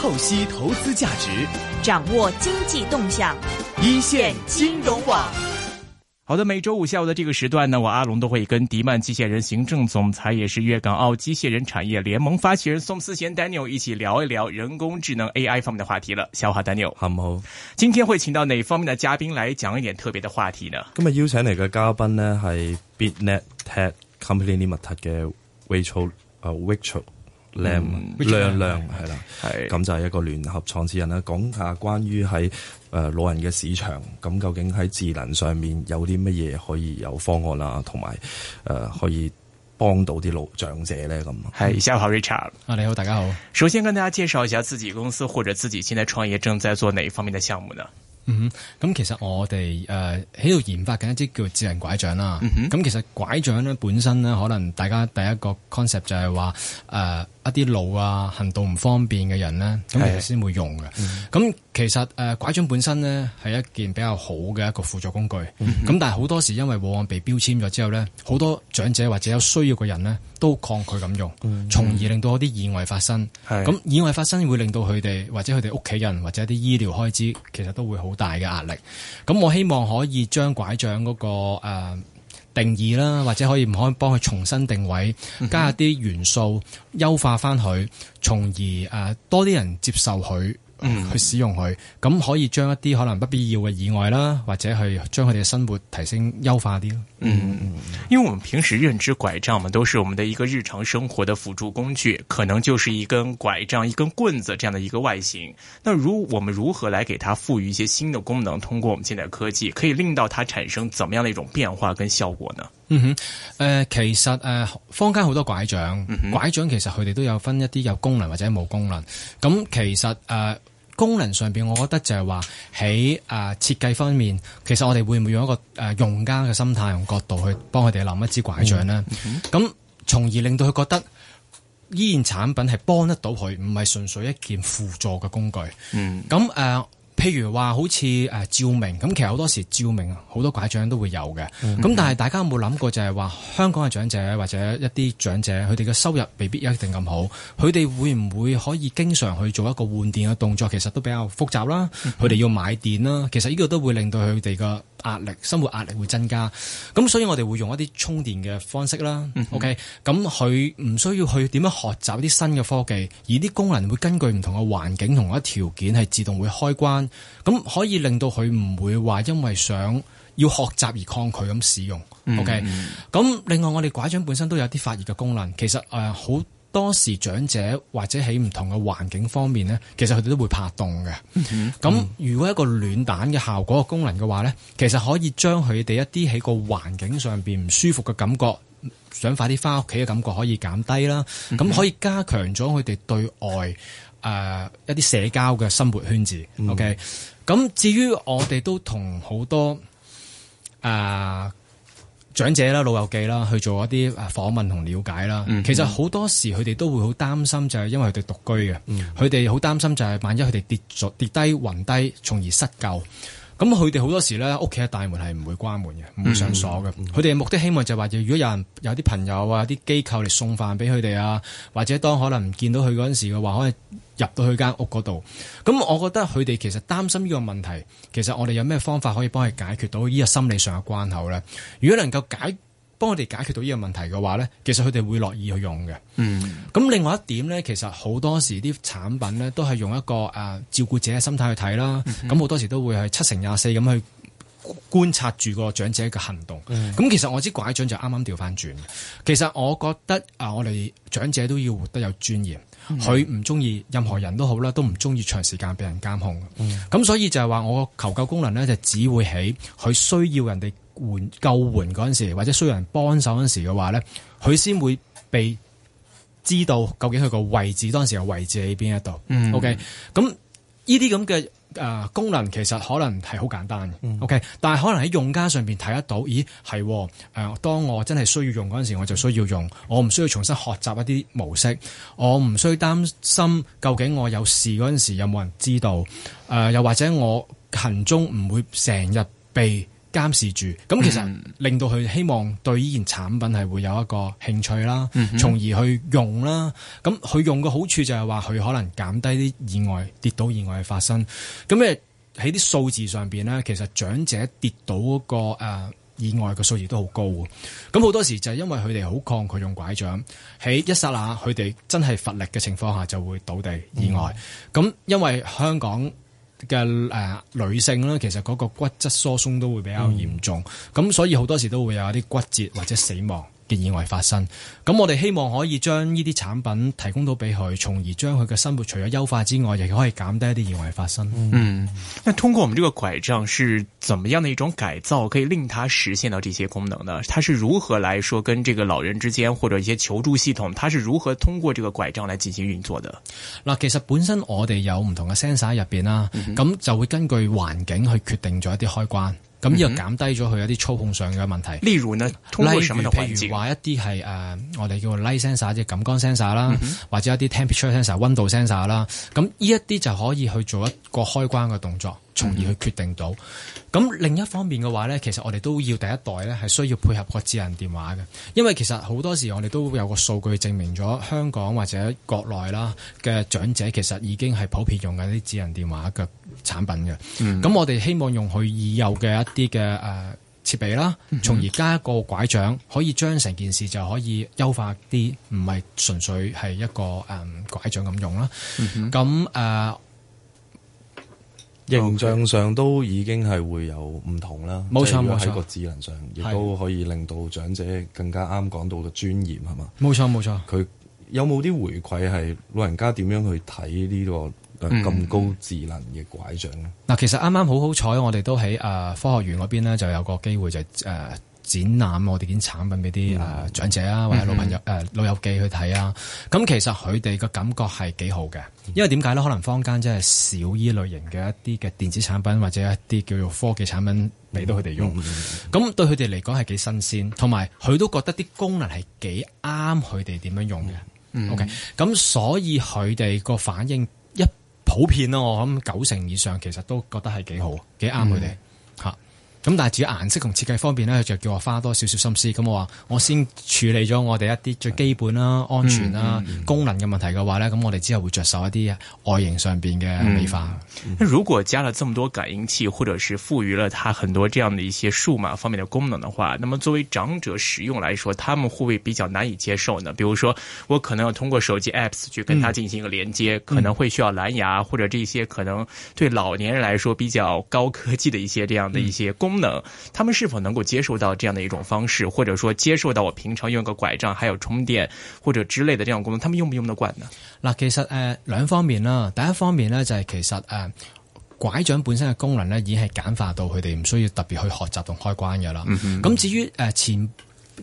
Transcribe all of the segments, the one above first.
透析投資價值，掌握經濟動向，一線金融網。好的，每周五下午的這個時段呢，我阿龍都會跟迪曼機械人行政總裁，也是粵港澳機械人產業聯盟發起人宋思賢 Daniel 一起聊一聊人工智能 AI 方面的話題了。小華，Daniel 好唔好？Daniel 嗯、好，今天會請到哪方面的嘉賓來講一點特別的話題呢？今日邀請嚟嘅嘉賓呢，是 BNET Tech Company Limited 嘅 Viccho 啊 v i c o 梁梁梁係啦，咁就係一個聯合創始人啦。講下關於喺誒老人嘅市場，咁究竟喺智能上面有啲乜嘢可以有方案啦，同埋誒可以幫到啲老長者咧？咁係，你好，Richard 啊，你好，大家好。首先跟大家介紹一下自己公司或者自己現在創業正在做哪一方面嘅項目呢？嗯哼，咁其實我哋誒喺度研發緊一啲叫智能拐杖啦。咁、嗯、哼其實拐杖咧本身咧，可能大家第一個 concept 就係話誒一啲老啊行動唔方便嘅人咧，咁其實先會用嘅。咁其實誒拐杖本身咧係一件比較好嘅一個輔助工具。咁、嗯、哼但係好多時，因為往往被標籤咗之後咧，好多長者或者有需要嘅人咧都抗拒咁用，從而令到一啲意外發生。咁、嗯、哼意外發生會令到佢哋或者佢哋屋企人或者啲醫療開支其實都會好大嘅壓力，咁我希望可以將拐杖嗰、那個誒、呃、定義啦，或者可以唔可以幫佢重新定位，加一啲元素優化翻佢，從而誒、呃、多啲人接受佢、呃嗯、去使用佢，咁可以將一啲可能不必要嘅意外啦，或者去將佢哋嘅生活提升優化啲咯。嗯，因為我們平時認知拐杖嘛，都是我們的一個日常生活的輔助工具，可能就是一根拐杖、一根棍子這樣的一個外形。那如我們如何來給它賦予一些新的功能？通過我們現代科技，可以令到它產生怎麼樣的一種變化跟效果呢？嗯哼，呃，其實呃，坊間好多拐杖，拐杖其實佢哋都有分一啲有功能或者冇功能。咁，嗯哼，其實呃功能上邊，我覺得就係話喺誒設計方面，其實我哋會唔會用一個誒、呃、用家嘅心態同角度去幫佢哋諗一支拐杖咧？咁從、嗯、而令到佢覺得依然產品係幫得到佢，唔係純粹一件輔助嘅工具。嗯，咁誒。呃譬如話，好似誒照明咁，其實好多時照明好多拐杖都會有嘅。咁、mm hmm. 但係大家有冇諗過，就係話香港嘅長者或者一啲長者，佢哋嘅收入未必一定咁好，佢哋、mm hmm. 會唔會可以經常去做一個換電嘅動作？其實都比較複雜啦。佢哋、mm hmm. 要買電啦，其實呢個都會令到佢哋嘅壓力、生活壓力會增加。咁所以，我哋會用一啲充電嘅方式啦。Mm hmm. OK，咁佢唔需要去點樣學習啲新嘅科技，而啲功能會根據唔同嘅環境同一條件係自動會開關。咁可以令到佢唔會話因為想要學習而抗拒咁使用嗯嗯，OK？咁另外，我哋拐杖本身都有啲發熱嘅功能，其實誒、呃、好多時長者或者喺唔同嘅環境方面呢，其實佢哋都會怕凍嘅。咁、嗯嗯嗯、如果一個暖蛋嘅效果嘅功能嘅話呢，其實可以將佢哋一啲喺個環境上邊唔舒服嘅感覺，想快啲翻屋企嘅感覺可以減低啦。咁可以加強咗佢哋對外。誒，uh, 一啲社交嘅生活圈子，OK、嗯。咁至於我哋都同好多誒、uh, 長者啦、老友記啦，去做一啲誒訪問同了解啦。嗯、哼其實好多時佢哋都會好擔心，就係因為佢哋獨居嘅，佢哋好擔心就係萬一佢哋跌跌低、暈低，從而失救。咁佢哋好多時咧，屋企嘅大門係唔會關門嘅，唔會上鎖嘅。佢哋嘅目的希望就係、是、話，如果有人有啲朋友啊、啲機構嚟送飯俾佢哋啊，或者當可能唔見到佢嗰陣時嘅話，可以。入到去間屋嗰度，咁我覺得佢哋其實擔心呢個問題，其實我哋有咩方法可以幫佢解決到呢個心理上嘅關口呢？如果能夠解幫我哋解決到呢個問題嘅話呢，其實佢哋會樂意去用嘅。嗯，咁另外一點呢，其實好多時啲產品呢都係用一個誒、啊、照顧者嘅心態去睇啦，咁好多時都會係七成廿四咁去。觀察住個長者嘅行動，咁、嗯、其實我支拐杖就啱啱調返轉。其實我覺得啊，我哋長者都要活得有尊嚴，佢唔中意任何人都好啦，都唔中意長時間俾人監控。咁、嗯、所以就係話我求救功能咧，就只會喺佢需要人哋援救援嗰陣時，或者需要人幫手嗰陣時嘅話咧，佢先會被知道究竟佢個位置當時嘅位置喺邊一度。嗯、OK，咁呢啲咁嘅。誒、呃、功能其實可能係好簡單嘅，嗯，OK，但係可能喺用家上面睇得到，咦係喎、呃！當我真係需要用嗰陣時，我就需要用，我唔需要重新學習一啲模式，我唔需要擔心究竟我有事嗰陣時有冇人知道，誒、呃、又或者我行蹤唔會成日被。監視住，咁其實令到佢希望對呢件產品係會有一個興趣啦，嗯、哼從而去用啦。咁佢用嘅好處就係話佢可能減低啲意外跌倒意外嘅發生。咁誒喺啲數字上面咧，其實長者跌倒嗰、嗰個、啊、意外嘅數字都好高。咁好多時就係因為佢哋好抗拒用拐杖，喺一剎那佢哋真係乏力嘅情況下就會倒地意外。咁、嗯、因為香港。嘅誒女性啦，其實嗰個骨質疏鬆都會比較嚴重，咁、嗯、所以好多時都會有一啲骨折或者死亡。嘅意外發生，咁我哋希望可以將呢啲產品提供到俾佢，從而將佢嘅生活除咗優化之外，亦可以減低一啲意外發生。嗯，那通過我們這個拐杖是怎麼樣的一種改造，可以令它實現到這些功能呢？它是如何來說跟這個老人之間或者一些求助系統，它是如何通過這個拐杖來進行運作的？嗱，其實本身我哋有唔同嘅 sensor 喺入邊啦，咁、嗯、哼就會根據環境去決定咗一啲開關。咁又減低咗佢一啲操控上嘅問題。例如呢，例如譬如話一啲係誒，uh, 我哋叫做 light sensor 即係感光 sensor 啦、嗯哼，或者一啲 temperature sensor、溫度 sensor 啦，咁呢一啲就可以去做一個開關嘅動作。從而去決定到。咁另一方面嘅話呢，其實我哋都要第一代呢係需要配合個智能電話嘅，因為其實好多時我哋都有個數據證明咗香港或者國內啦嘅長者其實已經係普遍用緊啲智能電話嘅產品嘅。咁、嗯、我哋希望用佢已有嘅一啲嘅誒設備啦，從而加一個拐杖，可以將成件事就可以優化啲，唔係純粹係一個誒、呃、拐杖咁用啦。咁誒、嗯哼。形象上都已經係會有唔同啦，即係喺個智能上亦錯都可以令到長者更加啱講到嘅尊嚴係嘛？冇錯冇錯。佢吧錯有冇啲回饋係老人家點樣去睇呢、這個咁、呃嗯、高智能嘅拐杖嗱、嗯，其實啱啱好好彩，我哋都喺誒科學園嗰邊呢就有個機會就誒。呃展覽我哋啲產品俾啲誒長者啊，嗯、或者老朋友誒、嗯呃、老友記去睇啊，咁、嗯、其實佢哋嘅感覺係幾好嘅，嗯、因為點解咧？可能坊間真係少依類型嘅一啲嘅電子產品或者一啲叫做科技產品俾到佢哋用，咁、嗯嗯、對佢哋嚟講係幾新鮮，同埋佢都覺得啲功能係幾啱佢哋點樣用嘅。嗯、OK，咁所以佢哋個反應一普遍咯，我諗九成以上其實都覺得係幾好，幾啱佢哋嚇。咁但係至於顏色同設計方面咧，就叫我花多少少心思。咁我話我先處理咗我哋一啲最基本啦、啊、嗯、安全啦、啊、嗯嗯、功能嘅問題嘅話咧，咁我哋之後會着手一啲啊外形上邊嘅美化。嗯嗯嗯、如果加了這麼多感應器，或者是賦予了它很多這樣的一些數碼方面的功能的話，那麼作為長者使用來說，他們會不會比較難以接受呢？比如說我可能要通過手機 Apps 去跟它進行一個連接，嗯嗯、可能會需要藍牙或者這些可能對老年人來說比較高科技的一些這樣的一些功能。嗯嗯功能，他們是否能夠接受到這樣的一種方式，或者說接受到我平常用個拐杖，還有充電或者之類的這樣功能，他們用不用得慣呢？嗱，其實誒兩、呃、方面啦，第一方面咧就係其實誒、呃、拐杖本身嘅功能咧已經係簡化到佢哋唔需要特別去學習同開關嘅啦。咁、嗯、哼至於誒、嗯哼呃、前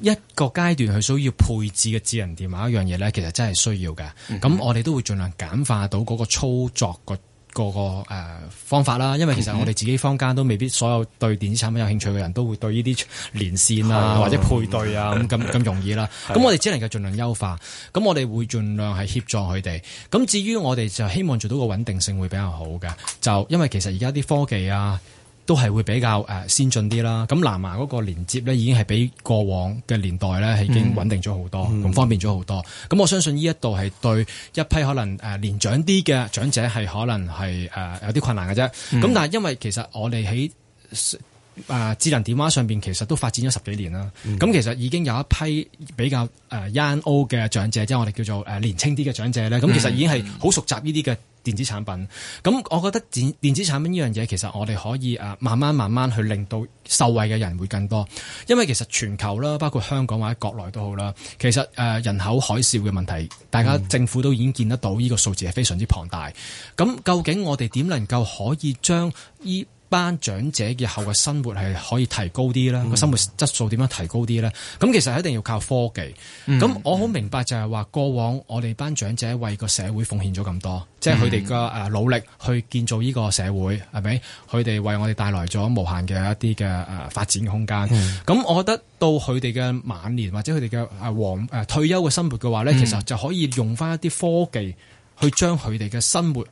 一個階段佢需要配置嘅智能電話一樣嘢咧，其實真係需要嘅。咁、嗯、哼我哋都會盡量簡化到嗰個操作個。個個誒、呃、方法啦，因為其實我哋自己坊間都未必所有對電子產品有興趣嘅人都會對呢啲連線啊、的或者配對啊咁咁咁容易啦。咁的我哋只能夠盡量優化。咁我哋會盡量係協助佢哋。咁至於我哋就希望做到個穩定性會比較好嘅，就因為其實而家啲科技啊。都係會比較先進啲啦，咁藍牙嗰個連接咧已經係比過往嘅年代咧係已經穩定咗好多，咁、嗯嗯、方便咗好多。咁我相信呢一度係對一批可能誒年長啲嘅長者係可能係誒有啲困難嘅啫。咁、嗯、但係因為其實我哋喺誒智能電話上面其實都發展咗十幾年啦，咁、嗯、其實已經有一批比較誒 young old 嘅長者，即、就、係、是、我哋叫做誒年青啲嘅長者咧，咁其實已經係好熟習呢啲嘅。電子產品，咁我覺得電電子產品呢樣嘢其實我哋可以誒慢慢慢慢去令到受惠嘅人會更多，因為其實全球啦，包括香港或者國內都好啦，其實誒人口海嘯嘅問題，大家政府都已經見得到呢個數字係非常之龐大，咁究竟我哋點能夠可以將呢班長者以後嘅生活係可以提高啲咧，個、嗯、生活質素點樣提高啲咧？咁其實一定要靠科技。咁、嗯、我好明白就係話，嗯、過往我哋班長者為個社會奉獻咗咁多，嗯、即係佢哋嘅努力去建造呢個社會，係咪？佢哋為我哋帶來咗無限嘅一啲嘅誒發展嘅空間。咁、嗯、我覺得到佢哋嘅晚年或者佢哋嘅誒退休嘅生活嘅話咧，嗯、其實就可以用翻一啲科技去將佢哋嘅生活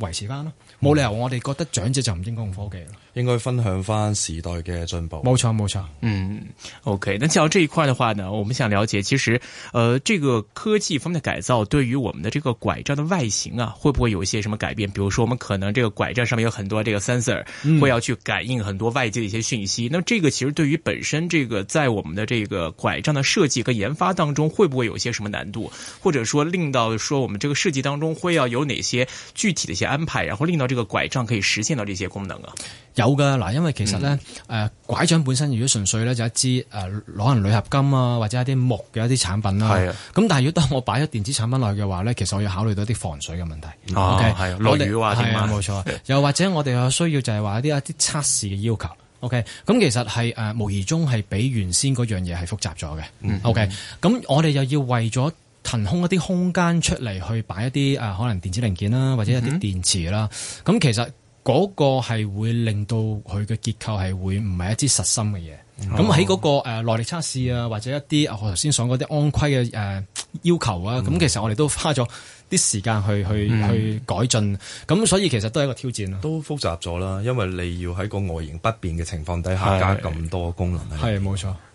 維持翻咯。冇理由，我哋覺得長者就唔應該用科技啦。應該分享翻時代的進步，冇錯冇錯，錯嗯，OK。那像這一塊的話呢，我們想了解，其實，呃，這個科技方面的改造，對於我們的這個拐杖的外形啊，會不會有一些什麼改變？比如說，我們可能這個拐杖上面有很多這個 sensor，會要去感應很多外界的一些訊息。嗯、那這個其實對於本身這個在我們的這個拐杖的設計跟研發當中，會不會有一些什麼難度？或者說令到說我們這個設計當中會要有哪些具體的一些安排，然後令到這個拐杖可以實現到這些功能啊？有噶嗱，因為其實咧，誒，拐杖本身如果純粹咧就一支誒，攞可能鋁合金啊，或者一啲木嘅一啲產品啦。係啊的，咁但係如果當我擺咗電子產品落去嘅話咧，其實我要考慮到一啲防水嘅問題。哦，係落雨話點啊？冇錯， 又或者我哋需要就係話一啲一啲測試嘅要求。OK，咁其實係誒，無疑中係比原先嗰樣嘢係複雜咗嘅。OK，咁、嗯 okay? 我哋又要為咗騰空一啲空間出嚟去擺一啲誒，可能電子零件啦，或者一啲電池啦。咁、嗯嗯、其實。嗰個係會令到佢嘅結構係會唔係一支實心嘅嘢，咁喺嗰個、嗯呃、耐力測試啊，或者一啲我頭先講嗰啲安規嘅誒、呃、要求啊，咁、嗯、其實我哋都花咗啲時間去去、嗯、去改進，咁所以其實都係一個挑戰啦，都複雜咗啦，因為你要喺個外形不變嘅情況底下是加咁多功能喺入邊，係冇錯。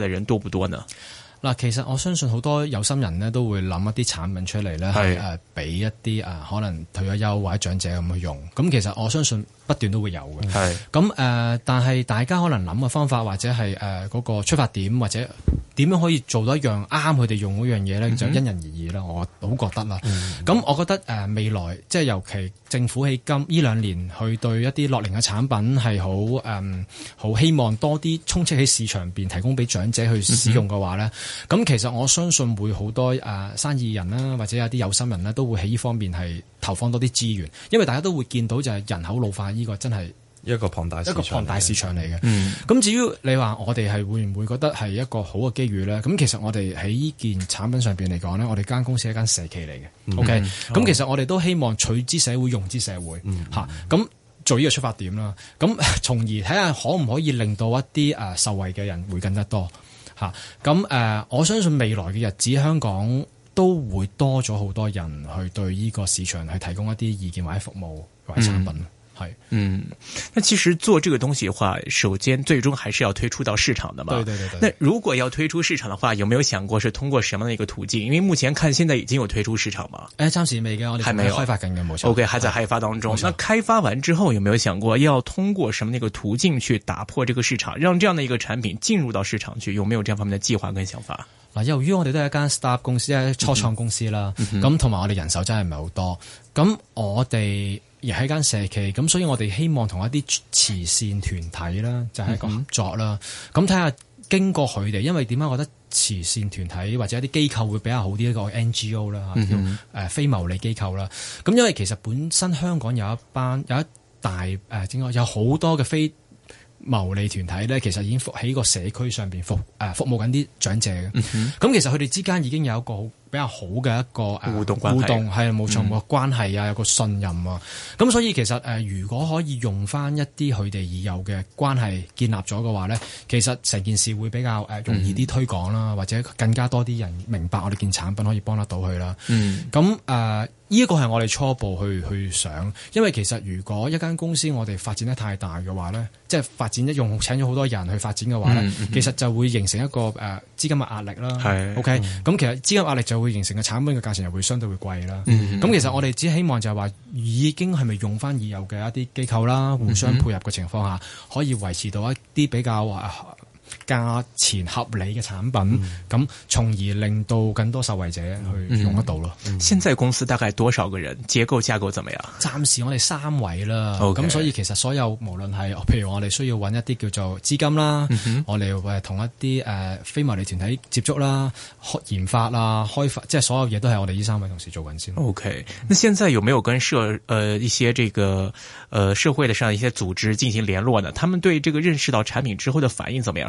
嘅人多唔多呢？嗱是、呃呃，其實我相信好多有心人咧都會諗一啲產品出嚟咧，係誒俾一啲誒可能退休友或者長者咁去用。咁其實我相信不斷都會有嘅。係咁誒，但係大家可能諗嘅方法或者係誒嗰個出發點或者點樣可以做到一樣啱佢哋用嗰樣嘢咧，嗯、哼就因人而異啦。我好覺得啦。咁我覺得誒、嗯嗯呃、未來即係尤其。政府喺今呢兩年去對一啲樂齡嘅產品係好誒，好、嗯、希望多啲充斥喺市場邊提供俾長者去使用嘅話呢咁、嗯、哼其實我相信會好多誒、啊、生意人啦、啊，或者有啲有心人呢、啊，都會喺呢方面係投放多啲資源，因為大家都會見到就係人口老化呢、這個真係。一個龐大一個龐大市場嚟嘅，咁、嗯、至於你話我哋係會唔會覺得係一個好嘅機遇呢？咁其實我哋喺呢件產品上面嚟講呢，我哋間公司係間社企嚟嘅，OK，咁其實我哋都希望取之社會，用之社會，咁、嗯啊、做呢個出發點啦，咁從而睇下可唔可以令到一啲誒受惠嘅人會更加多，咁、啊、誒、呃，我相信未來嘅日子香港都會多咗好多人去對呢個市場去提供一啲意見或者服務或者產品。嗯係，是嗯，那其實做這個東西的話，首先最終還是要推出到市場的嘛。對對對，對。那如果要推出市場的話，有沒有想過是通過什麼樣的一個途徑？因為目前看現在已經有推出市場嘛？欸，暫時未嘅，我哋還沒開發緊嘅冇錯。錯 OK，還在開發當中。對那開發完之後，有沒有想過要通過什麼那個途徑去打破這個市場，讓這樣的一個產品進入到市場去？有沒有這樣方面的計劃跟想法？啊，由於我們都係一間 startup 公司初創公司啦，咁同埋我哋人手真係唔係好多，咁我哋。而係一間社企，咁所以我哋希望同一啲慈善團體啦，就係合作啦。咁睇下經過佢哋，因為點解覺得慈善團體或者一啲機構會比較好啲一,一個 NGO 啦，叫非牟利機構啦。咁因為其實本身香港有一班有一大誒整個有好多嘅非。牟利團體咧，其實已經喺個社區上邊服誒服務緊啲長者嘅。咁、嗯、哼其實佢哋之間已經有一個比較好嘅一個互動關互動係冇錯個、嗯、關係啊，有個信任啊。咁所以其實誒、呃，如果可以用翻一啲佢哋已有嘅關係建立咗嘅話咧，其實成件事會比較誒容易啲推廣啦，嗯、或者更加多啲人明白我哋件產品可以幫得到佢啦。咁誒、嗯。呢一個係我哋初步去去想，因為其實如果一間公司我哋發展得太大嘅話咧，即係發展一用請咗好多人去發展嘅話咧，嗯、哼其實就會形成一個誒、啊、資金嘅壓力啦。係，OK，咁其實資金壓力就會形成嘅產品嘅價錢又會相對會貴啦。咁、嗯、哼其實我哋只希望就係話已經係咪用翻已有嘅一啲機構啦，互相配合嘅情況下，嗯、哼可以維持到一啲比較啊價錢合理嘅產品，咁從、嗯、而令到更多受惠者去用得到咯。嗯嗯嗯、現在公司大概多少個人？結構架構怎麼樣？暫時我哋三位啦，咁 Okay, 所以其實所有無論係，譬如我哋需要揾一啲叫做資金啦，嗯、哼我哋會同一啲誒、呃、非牟利團體接觸啦，開研發啦，開發，即係所有嘢都係我哋呢三位同事做緊先。O、okay, K，那現在有沒有跟社誒、呃、一些這個誒、呃、社會嘅上的一些組織進行聯絡呢？他們對這個認識到產品之後的反應怎麼樣？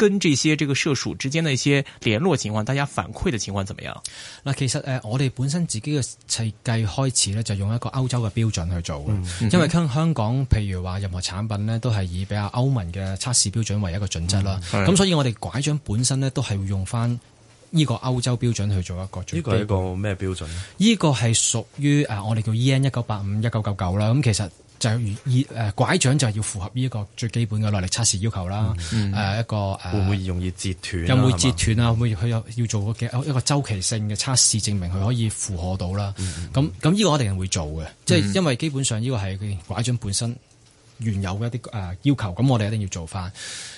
跟這些這個社署之間的一些聯絡情況，大家反饋的情況怎麼樣？嗱，其實誒，我哋本身自己嘅設計開始咧，就用一個歐洲嘅標準去做、嗯嗯、因為香港譬如話任何產品呢都係以比較歐盟嘅測試標準為一個準則啦。咁、嗯、所以我哋拐杖本身呢都係會用翻呢個歐洲標準去做一個準。呢個係一個咩標準咧？呢個係屬於誒我哋叫、y、EN 一九八五一九九九啦。咁其實。就依誒拐杖就係要符合呢一個最基本嘅耐力測試要求啦，誒、嗯嗯啊、一個誒會唔會容易折斷？有冇折斷啊？會佢有要做一個周期性嘅測試，證明佢可以符合到啦。咁咁呢個我哋係會做嘅，即係、嗯、因為基本上呢個係佢拐杖本身原有嘅一啲誒要求，咁我哋一定要做翻。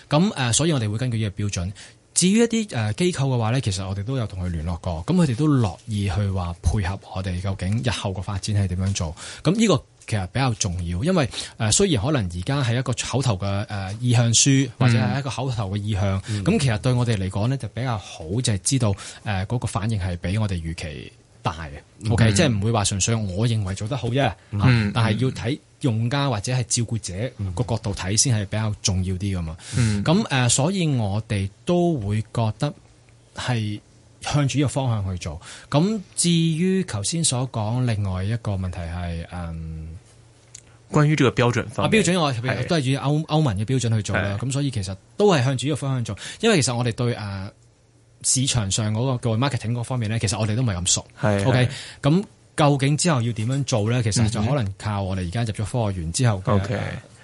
咁誒，所以我哋會根據呢個標準。至於一啲誒、呃、機構嘅話咧，其實我哋都有同佢聯絡過，咁佢哋都樂意去話配合我哋，究竟日後嘅發展係點樣做？咁呢個其實比較重要，因為誒、呃、雖然可能而家係一個口頭嘅誒、呃、意向書，或者係一個口頭嘅意向，咁、嗯、其實對我哋嚟講咧就比較好，就係知道誒嗰、呃嗰個反應係比我哋預期大嘅。OK，即係唔會話純粹我認為做得好啫，嗯嗯、但係要睇用家或者係照顧者個角度睇先係比較重要啲㗎嘛，咁、嗯呃、所以我哋都會覺得係向住呢個方向去做。咁至於頭先所講另外一個問題係誒，嗯、關於這個標準方面啊，標準我，我都係以歐歐的盟嘅標準去做啦。咁的所以其實都係向住呢個方向做，因為其實我哋對、啊、市場上嗰、嗰個叫 marketing 嗰方面咧，其實我哋都唔係咁熟。OK 咁。究竟之後要點樣做咧？其實就可能靠我哋而家入咗科學園之後嘅。Okay.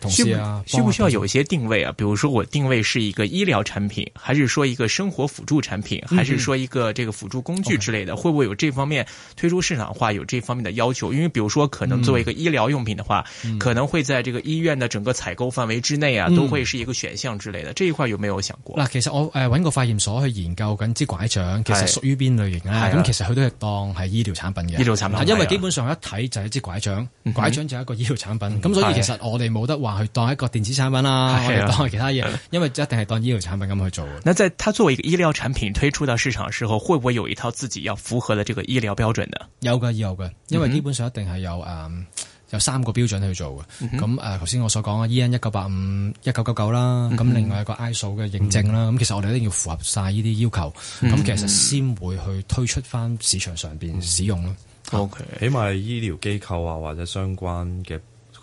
需唔需不需要有一些定位啊？比如說我定位是一個醫療產品，還是說一個生活輔助產品，還是說一個這個輔助工具之類的？會不會有這方面推出市場化有這方面的要求？因為比如說可能作為一個醫療用品的話，可能會在這個醫院的整個採購範圍之內啊，都會是一個選項之類的。這一塊有沒有想過？嗱，其實我誒揾個化驗所去研究緊支拐杖，其實屬於邊類型啊？咁其實佢都係當係醫療產品嘅，醫療產品，因為基本上一睇，就一支拐杖，拐杖就係一個醫療產品，咁所以其實我哋冇得話。去當一個電子產品啦，當其他嘢，因為一定係當醫療產品咁去做。即係佢作為一個醫療產品推出到市場嘅時候，會唔會有一套自己要符合嘅這個醫療標準呢？有嘅，有嘅，因為基本上一定係有誒有三個標準去做嘅。咁誒，頭先我所講嘅 EN 一九八五一九九九啦，咁另外一個 ISO 嘅認證啦。咁其實我哋一定要符合晒呢啲要求，咁其實先會去推出翻市場上邊使用咯。OK，起碼醫療機構啊或者相關嘅。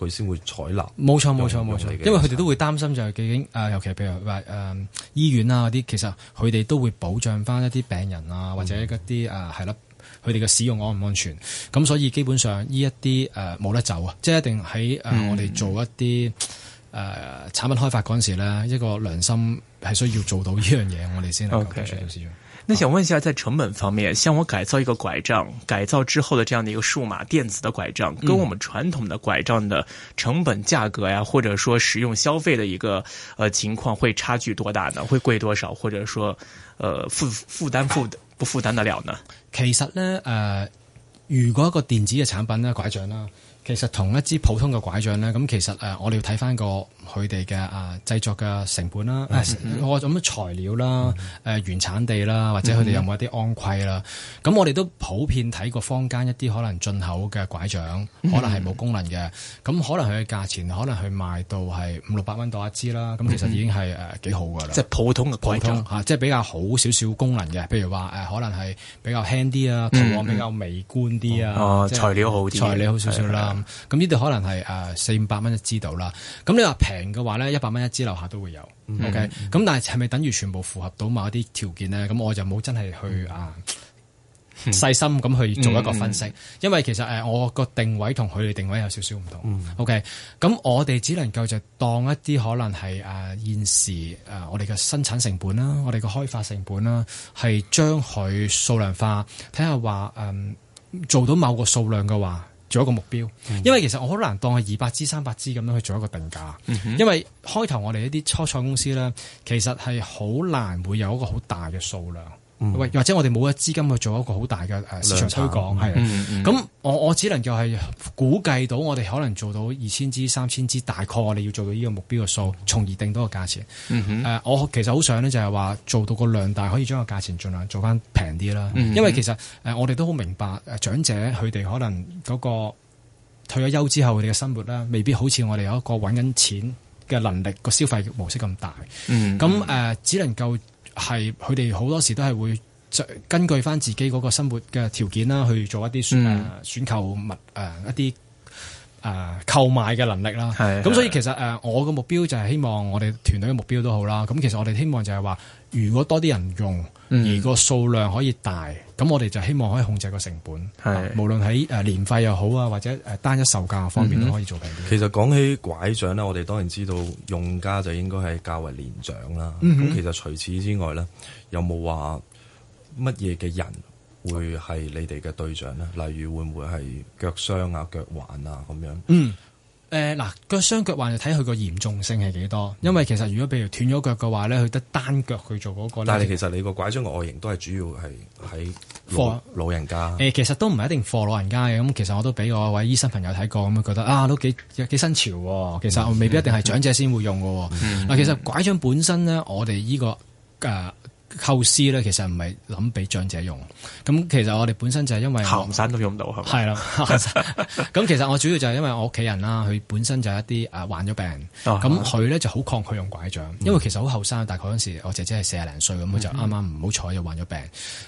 佢先會採納，冇錯冇錯冇錯，因為佢哋都會擔心就係究竟誒，尤其譬如話誒、呃、醫院啊嗰啲，其實佢哋都會保障翻一啲病人啊，或者一啲誒係啦，佢哋嘅使用安唔安全？咁所以基本上呢一啲誒冇得走啊，即係一定喺誒、呃嗯、我哋做一啲誒、呃、產品開發嗰陣時咧，一個良心係需要做到呢樣嘢，我哋先能夠 那想問一下，在成本方面，像我改造一個拐杖，改造之後的這樣的一個數碼電子的拐杖，跟我們傳統的拐杖的成本價格呀、啊，或者說使用消費的一個，呃情況會差距多大呢？會貴多少？或者說，呃負負擔負不負擔得了呢？其實呢，呃如果一個電子嘅產品呢，拐杖啦，其實同一支普通嘅拐杖呢，咁其實誒、呃，我哋要睇返個。佢哋嘅啊製作嘅成本啦，我咁嘅材料啦，誒、啊、原產地啦，或者佢哋有冇一啲安規啦？咁、mm hmm. 我哋都普遍睇過坊間一啲可能進口嘅拐杖，可能係冇功能嘅。咁、mm hmm. 可能佢嘅價錢，可能去賣到係五六百蚊到一支啦。咁其實已經係誒幾好㗎啦。即係普通嘅拐杖嚇，即係、啊就係、比較好少少功能嘅。譬如話誒、啊，可能係比較輕啲、mm hmm. 啊，圖案比較美觀啲啊，就係、材料好啲，材料好少少啦。咁呢度可能係誒、啊、四五百蚊一支到啦。咁你話平？平嘅話咧，一百蚊一支樓下都會有，OK。咁但係係咪等於全部符合到某一啲條件咧？咁我就冇真係去啊細心咁去做一個分析，嗯嗯嗯、因為其實誒，我個定位同佢哋定位有少少唔同、嗯、，OK。咁我哋只能夠就當一啲可能係誒、啊、現時誒、啊、我哋嘅生產成本啦，我哋嘅開發成本啦，係將佢數量化，睇下話誒做到某個數量嘅話。做一個目標，因為其實我好難當係二百支、三百支咁樣去做一個定價，因為開頭我哋一啲初創公司咧，其實係好難會有一個好大嘅數量。喂，嗯、或者我哋冇一資金去做一個好大嘅誒市場推廣，係。咁我我只能夠係估計到我哋可能做到二千支、三千支，大概我哋要做到呢個目標嘅數，嗯、從而定到個價錢。誒、嗯嗯呃，我其實好想咧，就係話做到個量大，可以將個價錢儘量做翻平啲啦。嗯嗯、因為其實誒、呃，我哋都好明白誒，長者佢哋可能嗰個退咗休之後，佢哋嘅生活咧，未必好似我哋有一個揾緊錢嘅能力，個消費模式咁大，嗯。嗯。咁、嗯、誒，只能夠。嗯嗯嗯係，佢哋好多時都係會根據返自己嗰個生活嘅條件啦，去做一啲誒選、嗯、啊、選購物誒、啊、一啲。誒、呃、購買嘅能力啦，咁是的 所以其實誒、呃、我嘅目標就係希望我哋團隊嘅目標都好啦。咁其實我哋希望就係話，如果多啲人用，而個數量可以大，咁、嗯、我哋就希望可以控制個成本，是的 無論喺年費又好啊，或者單一售價方面都可以做平啲、嗯。其實講起拐杖咧，我哋當然知道用家就應該係較為年長啦。咁、嗯、哼其實除此之外咧，有冇話乜嘢嘅人？會係你哋嘅對象咧？例如會唔會係腳傷啊、腳患啊咁樣？嗯，誒、呃，嗱，腳傷腳患就睇佢個嚴重性係幾多。嗯、因為其實如果譬如斷咗腳嘅話咧，佢得單腳去做嗰、那個。但係其實你個拐杖嘅外形都係主要係喺老 for, 老人家。誒、呃，其實都唔係一定 for 老人家嘅。咁其實我都俾我一位醫生朋友睇過，咁樣覺得啊，都幾幾新潮。其實我未必一定係長者先會用喎。嗱、嗯，嗯、其實拐杖本身咧，我哋呢、這個誒。呃構思咧，其實唔係諗俾長者用。咁其實我哋本身就係因為行山都用唔到，係咪？啦的。咁 其實我主要就係因為我屋企人啦，佢本身就係一啲誒患咗病。咁佢咧就好抗拒用拐杖，嗯、因為其實好後生，大概嗰陣時我姐姐係四十零歲咁，佢、嗯、就啱啱唔好彩就患咗病。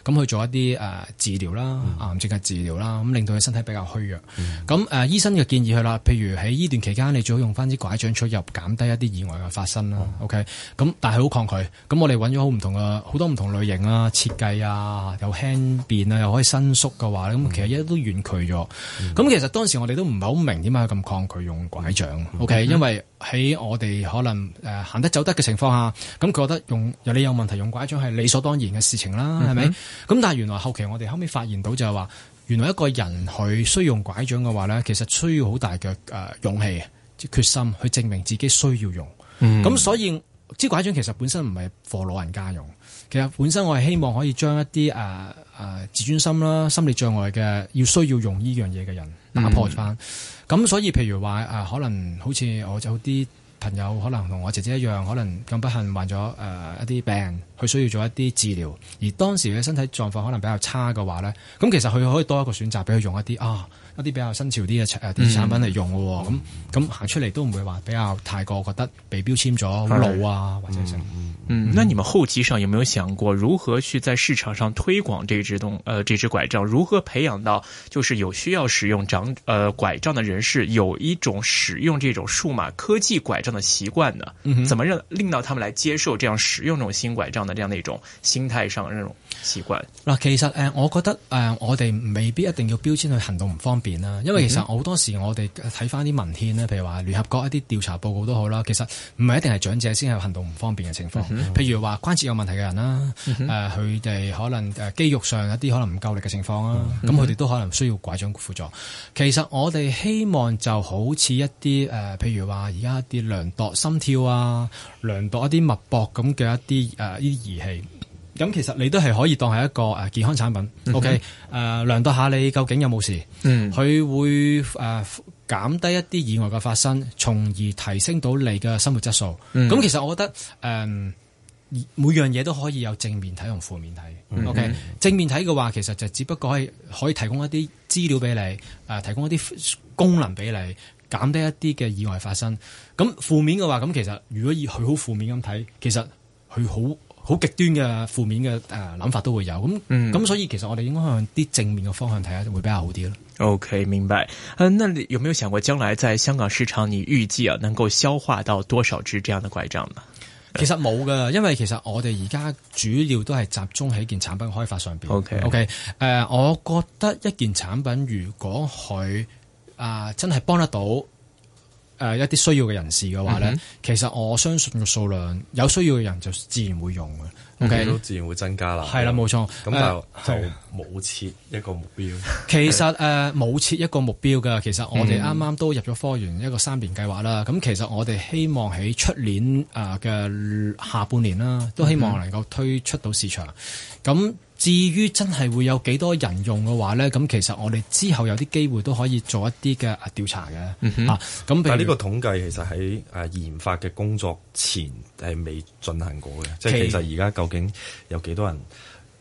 咁去、嗯、做一啲誒治療啦，嗯、癌症嘅治療啦，咁令到佢身體比較虛弱。咁誒、嗯、醫生嘅建議佢啦，譬如喺呢段期間你最好用翻啲拐杖出入，減低一啲意外嘅發生啦。嗯、OK，咁但係好抗拒。咁我哋揾咗好唔同嘅。好多唔同類型啊，設計啊，又輕便啊，又可以伸縮嘅話咧，咁、嗯、其實一都遠距咗。咁、嗯、其實當時我哋都唔係好明點解佢咁抗拒用拐杖。嗯、OK，因為喺我哋可能誒行得走得嘅情況下，咁佢覺得用有你有問題用拐杖係理所當然嘅事情啦，係咪？咁但係原來後期我哋後尾發現到就係話，原來一個人佢需要用拐杖嘅話咧，其實需要好大嘅誒勇氣、即決心去證明自己需要用。咁、嗯、所以。支拐杖其實本身唔係畀老人家用，其實本身我係希望可以將一啲誒誒自尊心啦、心理障礙嘅要需要用呢樣嘢嘅人打破返。咁、嗯、所以譬如話誒、啊，可能好似我有啲朋友可能同我姐姐一樣，可能咁不幸患咗誒、啊、一啲病，佢需要做一啲治療，而當時嘅身體狀況可能比較差嘅話咧，咁其實佢可以多一個選擇，俾佢用一啲啊。一啲比較新潮啲嘅誒啲產品嚟用嘅喎，咁咁行出嚟都唔會話比較太過覺得被標籤咗老啊，的或者咩。嗯，嗯，那你們後期上有沒有想過如何去在市場上推廣這支東，誒、呃，這支拐杖？如何培養到就是有需要使用長誒、呃、拐杖的人士，有一種使用這種數碼科技拐杖的習慣呢？嗯、哼怎麼讓令到他們來接受這樣使用這種新拐杖的這樣一種心態上嘅一種？嗱，奇怪其實誒，我覺得誒、呃，我哋未必一定要標籤去行動唔方便啦。因為其實好、嗯、哼多時我哋睇翻啲文獻咧，譬如話聯合國一啲調查報告都好啦。其實唔係一定係長者先係行動唔方便嘅情況。嗯、哼譬如話關節有問題嘅人啦，誒、嗯哼，佢哋、呃、可能誒肌肉上一啲可能唔夠力嘅情況啦，咁佢哋都可能需要拐杖輔助。其實我哋希望就好似一啲誒、呃，譬如話而家一啲量度心跳啊、量度一啲脈搏咁嘅一啲誒，呢啲儀器。咁其實你都係可以當係一個誒健康產品、嗯、哼，OK？誒、呃、量度下你究竟有冇事，佢、嗯、會誒、呃、減低一啲意外嘅發生，從而提升到你嘅生活質素。咁、嗯、其實我覺得誒、呃、每樣嘢都可以有正面睇同負面睇。OK？嗯、哼正面睇嘅話，其實就只不過係可以提供一啲資料俾你、呃，提供一啲功能俾你，減低一啲嘅意外發生。咁負面嘅話，咁其實如果以佢好負面咁睇，其實佢好好極端嘅負面嘅呃、諗法都會有，咁咁、嗯、所以其實我哋應該向啲正面嘅方向睇下，就會比較好啲咯。OK，明白。誒、uh，那你有冇有想過將來在香港市場，你預計啊能夠消化到多少支這樣嘅拐杖呢？其實冇㗎，因為其實我哋而家主要都係集中喺一件產品開發上面。OK，OK，Okay.、okay, 呃、我覺得一件產品如果佢啊、呃、真係幫得到。誒、呃、一啲需要嘅人士嘅話咧，嗯、哼其實我相信個數量，有需要嘅人就自然會用嘅、嗯、OK 都自然會增加啦。係啦的，冇樣錯。咁但係就冇設一個目標。呃、的其實誒冇、呃、設一個目標㗎。其實我哋啱啱都入咗科園一個三年計劃啦。咁、嗯、其實我哋希望喺出年誒嘅下半年啦，都希望能夠推出到市場。咁、嗯哼至於真係會有幾多人用嘅話咧，咁其實我哋之後有啲機會都可以做一啲嘅調查嘅。嚇咁、嗯哼，啊、比如但係呢個統計其實喺研發嘅工作前係未進行過嘅，即係其實而家究竟有幾多人？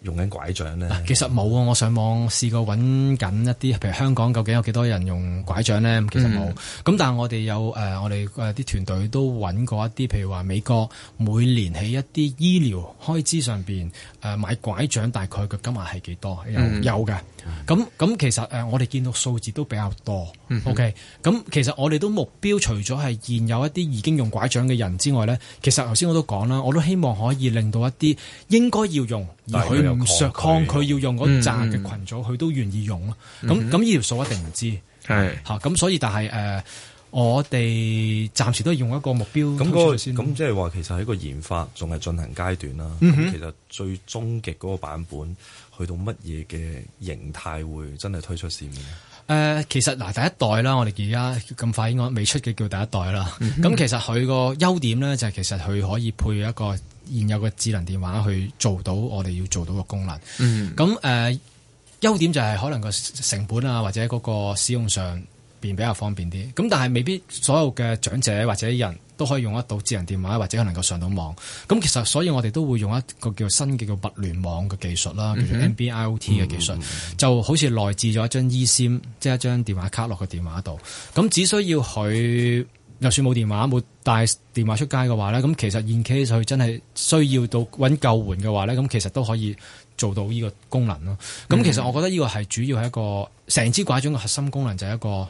用緊拐杖咧，其實冇啊！我上網試過揾緊一啲，譬如香港究竟有幾多人用拐杖咧？其實冇。咁、mm hmm. 但係我哋有誒、呃，我哋啲團隊都揾過一啲，譬如話美國每年喺一啲醫療開支上面誒、呃、買拐杖，大概嘅金額係幾多？有有嘅。咁咁其實誒、呃，我哋見到數字都比較多。Mm hmm. OK，咁其實我哋都目標除咗係現有一啲已經用拐杖嘅人之外咧，其實頭先我都講啦，我都希望可以令到一啲應該要用而有抗拒佢要用嗰扎嘅群組，佢、嗯、都願意用咯。咁咁呢條數一定唔知，係吓咁。所以但係誒、呃，我哋暫時都係用一個目標、嗰個、推出先。咁即係話，其實喺個研發仲係進行階段啦。嗯、哼其實最終極嗰個版本，去到乜嘢嘅形態會真係推出市面咧？誒、呃，其實嗱，第一代啦，我哋而家咁快應該未出嘅叫第一代啦。咁 其實佢個優點咧，就係、是、其實佢可以配一個現有嘅智能電話去做到我哋要做到嘅功能。咁誒、 呃，優點就係可能個成本啊，或者嗰個使用上。便比較方便啲，咁但係未必所有嘅長者或者人都可以用得到智能電話，或者能夠上到網。咁其實所以我哋都會用一個叫新嘅叫物聯網嘅技術啦，叫做 NB-IoT 嘅技術，就好似內置咗一張 e-SIM，mm hmm。即係一張電話卡落個電話度。咁只需要佢，就算冇電話冇帶電話出街嘅話咧，咁其實 in case 佢真係需要到揾救援嘅話咧，咁其實都可以做到呢個功能咯。咁其實我覺得呢個係主要係一個成支拐杖嘅核心功能就係一個。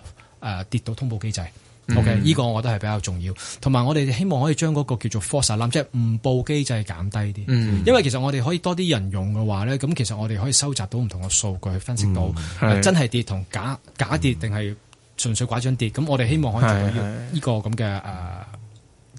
誒、呃、跌到通報機制、嗯、OK，呢個我覺得係比較重要。同埋我哋希望可以將嗰個叫做 false alarm 即係誤報機制減低啲。因為其實我哋可以多啲人用嘅話咧，咁其實我哋可以收集到唔同嘅數據，去分析到、嗯呃、真係跌同假假跌定係純粹拐杖跌。咁我哋希望可以做呢、這個咁嘅誒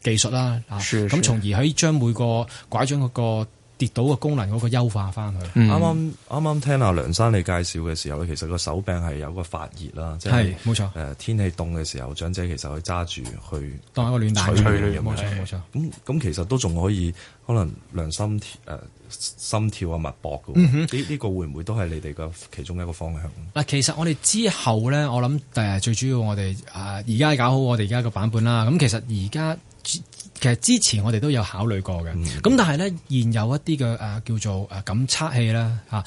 技術啦，咁從而可以將每個拐杖嗰、那個。跌到個功能嗰、那個優化翻佢。啱啱啱啱聽阿梁生你介紹嘅時候咧，其實個手柄係有個發熱啦，即係冇錯。誒、呃、天氣凍嘅時候，長者其實可以揸住去當一個暖蛋吹暖，冇錯冇錯。咁咁、嗯嗯嗯、其實都仲可以可能量心誒心跳啊脈搏嘅。嗯呢呢個會唔會都係你哋嘅其中一個方向？嗱、呃呃，其實我哋之後咧，我諗誒最主要我哋誒而家係搞好我哋而家個版本啦。咁其實而家。其實之前我哋都有考慮過嘅，咁、嗯、但係咧，現有一啲嘅誒叫做誒感測器啦，吓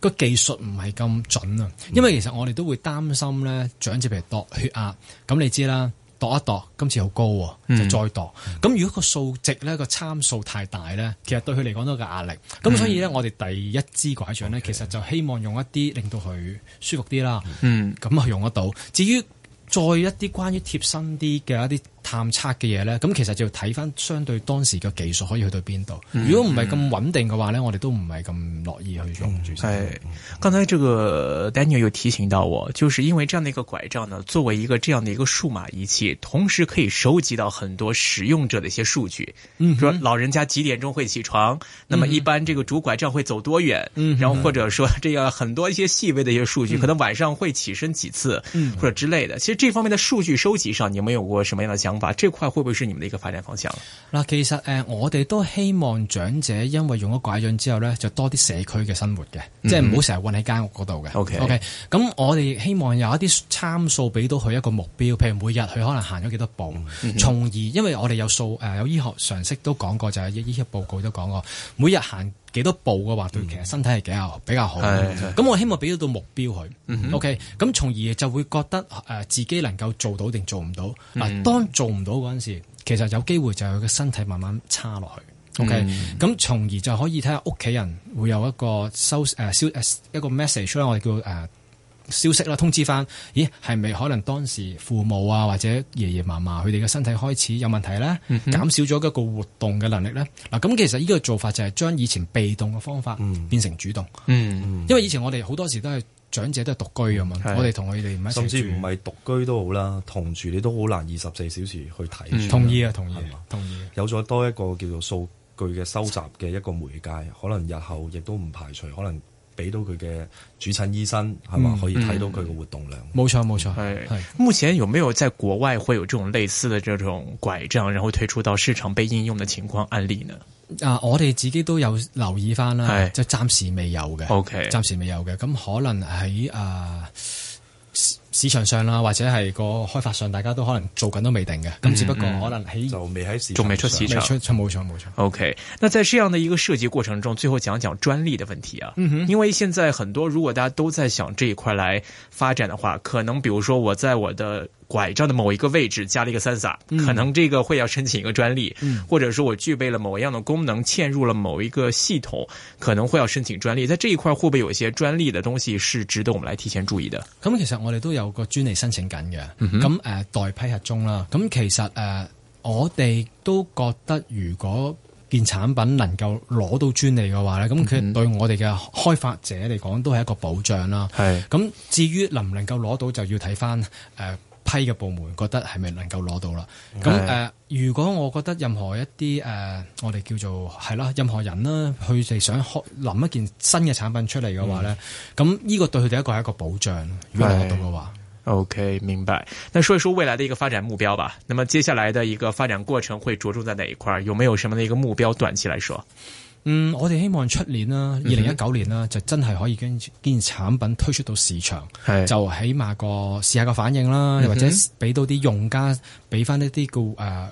個技術唔係咁準啊。測測啊準嗯、因為其實我哋都會擔心咧，長者譬如度血壓，咁你知啦，度一度今次好高啊，嗯、就再度。咁、嗯、如果個數值咧個參數太大咧，其實對佢嚟講都有個壓力。咁、嗯、所以咧，我哋第一支拐杖咧，Okay. 其實就希望用一啲令到佢舒服啲啦。嗯，咁啊用得到。至於再一啲關於貼身啲嘅一啲。探測嘅嘢呢，咁其實就要睇翻相對當時嘅技術可以去到邊度。嗯、如果唔係咁穩定嘅話呢，我哋都唔係咁樂意去做。係、嗯，的剛才這個 Daniel 又提醒到我，就是因為這樣的一個拐杖呢，作為一個這樣的一個數碼儀器，同時可以收集到很多使用者的一些數據。嗯哼，譬如老人家幾點鐘會起床，嗯、哼那麼一般這個拄拐杖會走多遠，嗯哼，然後或者說這樣很多一些細微的一些數據，嗯、哼可能晚上會起身幾次，嗯哼，或者之類的。其實這方面的數據收集上，你有冇有，有過什麼樣嘅想法？把這塊會唔會是你們的一個發展方向嗱，其實誒、呃，我哋都希望長者因為用咗拐杖之後咧，就多啲社區嘅生活嘅，嗯、即係唔好成日困喺間屋嗰度嘅。OK，OK，Okay.、okay, 咁我哋希望有一啲參數俾到佢一個目標，譬如每日佢可能行咗幾多步，嗯、哼從而因為我哋有數誒、呃，有醫學常識都講過，就係、是、醫醫學報告都講過，每日行。幾多步嘅話，對其實身體係比較比較好。咁我希望俾到個目標佢。嗯、哼 OK，咁從而就會覺得誒自己能夠做到定做唔到。嗱、嗯啊，當做唔到嗰陣時，其實有機會就係佢個身體慢慢差落去。OK，咁、嗯、從而就可以睇下屋企人會有一個收誒消誒一個 message 啦。我哋叫誒。啊消息啦，通知翻，咦，係咪可能當時父母啊或者爺爺嫲嫲佢哋嘅身體開始有問題咧，減少咗一個活動嘅能力咧？嗱，咁其實呢個做法就係將以前被動嘅方法變成主動，嗯嗯、因為以前我哋好多時都係長者都係獨居咁嘛，的我哋同佢哋唔，甚至唔係獨居都好啦，同住你都好難二十四小時去睇住。同意啊，同意，同意。吧同意有咗多一個叫做數據嘅收集嘅一個媒介，可能日後亦都唔排除可能。俾到佢嘅主診醫生係嘛，嗯、可以睇到佢嘅活動量。冇錯冇錯，係、嗯。係。是是目前有冇有在國外會有這種類似嘅這種拐杖，然後推出到市場被應用嘅情況案例呢？啊，我哋自己都有留意翻啦，是就暫時未有嘅。OK，暫時未有嘅。咁可能喺啊。呃市場上啦，或者係個開發上，大家都可能做緊都未定嘅，咁、嗯嗯、只不過可能喺、嗯、就未喺市，仲未出市場出出，出出冇錯冇錯。O、okay. K，那在這樣的一個設計過程中，最後講講專利的問題啊，嗯、哼因為現在很多如果大家都在想這一塊來發展的話，可能，比如說我在我的。拐杖的某一個位置加了一個 sensor，、嗯、可能這個會要申請一個專利，或者說我具備了某一樣的功能，嵌入了某一個系統，可能會要申請專利。在這一塊會不會有一些專利的東西是值得我們來提前注意的？咁其實我哋都有個專利申請緊嘅，咁誒待批核中啦。咁其實誒、呃、我哋都覺得如果件產品能夠攞到專利嘅話咧，咁佢對我哋嘅開發者嚟講都係一個保障啦。係、嗯哼。咁至於能唔能夠攞到就要睇返誒。呃批嘅部門覺得係咪能夠攞到啦？咁誒、呃，如果我覺得任何一啲誒、呃，我哋叫做係啦，任何人啦、啊，佢哋想開諗一件新嘅產品出嚟嘅話咧，咁呢個對佢哋一個係一個保障。嗯、如果攞到嘅話，OK 明白。但係說一說未來嘅一個發展目標吧，那麼接下來嘅一個發展過程會着重在哪一塊？有沒有什麼的一個目標？短期來說？嗯，我哋希望出年啦，二零一九年啦，嗯、哼就真係可以將件產品推出到市場，是就起碼個試下個反應啦，嗯、哼又或者俾到啲用家俾翻一啲叫誒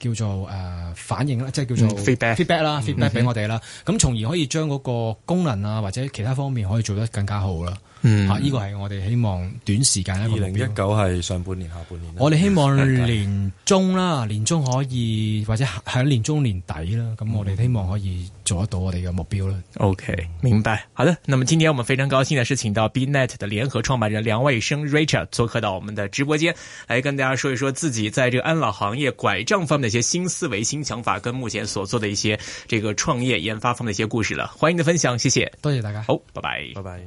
叫做誒、呃、反應啦，即係叫做、嗯、feedback feedback 啦，feedback 俾、嗯、我哋啦，咁從、嗯、哼而可以將嗰個功能啊或者其他方面可以做得更加好啦。嗯，吓呢、啊這個係我哋希望短時間咧。二零一九係上半年下半年。我哋希望年中啦，年中 可以或者喺年中年底啦，咁、嗯、我哋希望可以做得到我哋嘅目標啦。OK，明白。好的，那麼今天我們非常高興嘅是，請到 BNet 嘅聯合創辦人梁渭聲 Richard 做客到我們的直播間，嚟跟大家說一說自己在這個安老行業拐杖方面嘅一些新思維、新想法，跟目前所做的一些這個創業研發方面嘅一些故事啦。歡迎你的分享，謝謝，多謝大家。好，拜拜，拜拜。